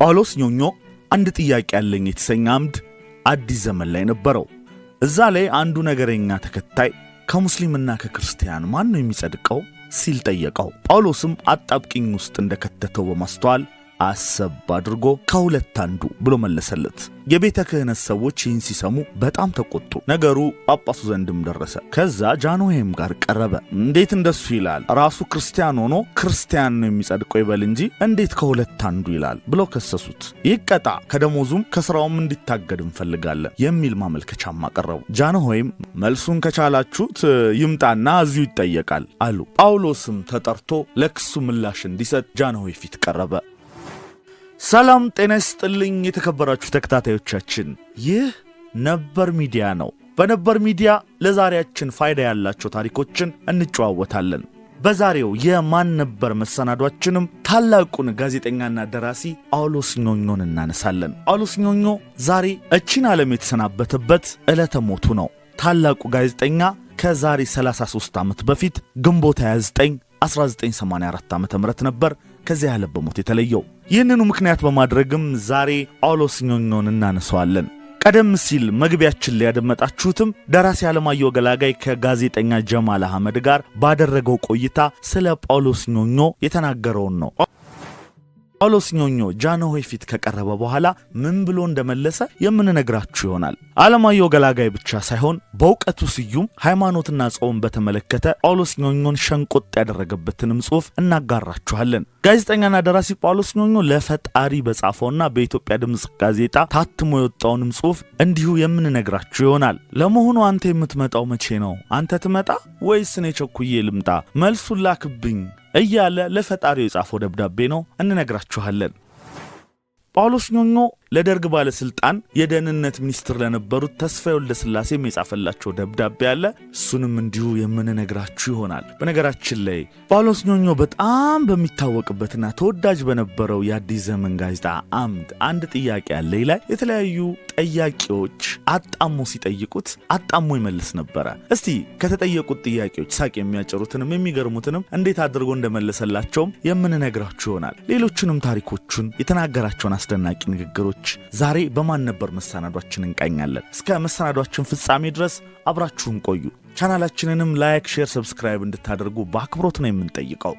ጳውሎስ ኞኞ አንድ ጥያቄ ያለኝ የተሰኘ አምድ አዲስ ዘመን ላይ ነበረው። እዛ ላይ አንዱ ነገረኛ ተከታይ ከሙስሊምና ከክርስቲያን ማን ነው የሚጸድቀው ሲል ጠየቀው። ጳውሎስም አጣብቂኝ ውስጥ እንደከተተው በማስተዋል አሰብ አድርጎ ከሁለት አንዱ ብሎ መለሰለት። የቤተ ክህነት ሰዎች ይህን ሲሰሙ በጣም ተቆጡ። ነገሩ ጳጳሱ ዘንድም ደረሰ። ከዛ ጃንሆይም ጋር ቀረበ። እንዴት እንደሱ ይላል? ራሱ ክርስቲያን ሆኖ ክርስቲያን ነው የሚጸድቀው ይበል እንጂ እንዴት ከሁለት አንዱ ይላል? ብለው ከሰሱት። ይቀጣ፣ ከደሞዙም ከስራውም እንዲታገድ እንፈልጋለን የሚል ማመልከቻም አቀረቡ። ጃንሆይም መልሱን ከቻላችሁት ይምጣና እዚሁ ይጠየቃል አሉ። ጳውሎስም ተጠርቶ ለክሱ ምላሽ እንዲሰጥ ጃንሆይ ፊት ቀረበ። ሰላም ጤና ይስጥልኝ። የተከበራችሁ ተከታታዮቻችን ይህ ነበር ሚዲያ ነው። በነበር ሚዲያ ለዛሬያችን ፋይዳ ያላቸው ታሪኮችን እንጨዋወታለን። በዛሬው የማን ነበር መሰናዷችንም ታላቁን ጋዜጠኛና ደራሲ ጳውሎስ ኞኞን እናነሳለን። ጳውሎስ ኞኞ ዛሬ እቺን ዓለም የተሰናበተበት ዕለተ ሞቱ ነው። ታላቁ ጋዜጠኛ ከዛሬ 33 ዓመት በፊት ግንቦት 29 1984 ዓ ም ነበር ከዚያ ያለ በሞት የተለየው። ይህንኑ ምክንያት በማድረግም ዛሬ አውሎስኞኞን እናነሰዋለን። ቀደም ሲል መግቢያችን ላይ ያደመጣችሁትም ደራሲ አለማየሁ ገላጋይ ከጋዜጠኛ ጀማል አህመድ ጋር ባደረገው ቆይታ ስለ ጳውሎስ ኞኞ የተናገረውን ነው። ጳውሎስኞኞ ጃንሆይ ፊት ከቀረበ በኋላ ምን ብሎ እንደመለሰ የምንነግራችሁ ይሆናል። አለማየሁ ገላጋይ ብቻ ሳይሆን በእውቀቱ ስዩም ሃይማኖትና ጾም በተመለከተ ጳውሎስኞኞን ሸንቆጥ ያደረገበትንም ጽሑፍ እናጋራችኋለን። ጋዜጠኛና ደራሲ ጳውሎስኞኞ ለፈጣሪ በጻፈውና በኢትዮጵያ ድምፅ ጋዜጣ ታትሞ የወጣውንም ጽሑፍ እንዲሁ የምንነግራችሁ ይሆናል። ለመሆኑ አንተ የምትመጣው መቼ ነው? አንተ ትመጣ ወይስ እኔ ቸኩዬ ልምጣ? መልሱን ላክብኝ እያለ ለፈጣሪው የጻፈው ደብዳቤ ነው። እንነግራችኋለን። ጳውሎስ ኞኞ ለደርግ ባለስልጣን የደህንነት ሚኒስትር ለነበሩት ተስፋዬ ወልደስላሴም የጻፈላቸው ደብዳቤ አለ። እሱንም እንዲሁ የምንነግራችሁ ይሆናል። በነገራችን ላይ ጳውሎስ ኞኞ በጣም በሚታወቅበትና ተወዳጅ በነበረው የአዲስ ዘመን ጋዜጣ አምድ አንድ ጥያቄ አለ ይላል። የተለያዩ ጠያቂዎች አጣሞ ሲጠይቁት አጣሞ ይመልስ ነበረ። እስቲ ከተጠየቁት ጥያቄዎች ሳቅ የሚያጭሩትንም የሚገርሙትንም እንዴት አድርጎ እንደመለሰላቸውም የምንነግራችሁ ይሆናል። ሌሎችንም ታሪኮቹን የተናገራቸውን አስደናቂ ንግግሮች ሰዎች ዛሬ በማን ነበር መሰናዷችን እንቃኛለን። እስከ መሰናዷችን ፍጻሜ ድረስ አብራችሁን ቆዩ። ቻናላችንንም ላይክ፣ ሼር፣ ሰብስክራይብ እንድታደርጉ በአክብሮት ነው የምንጠይቀው።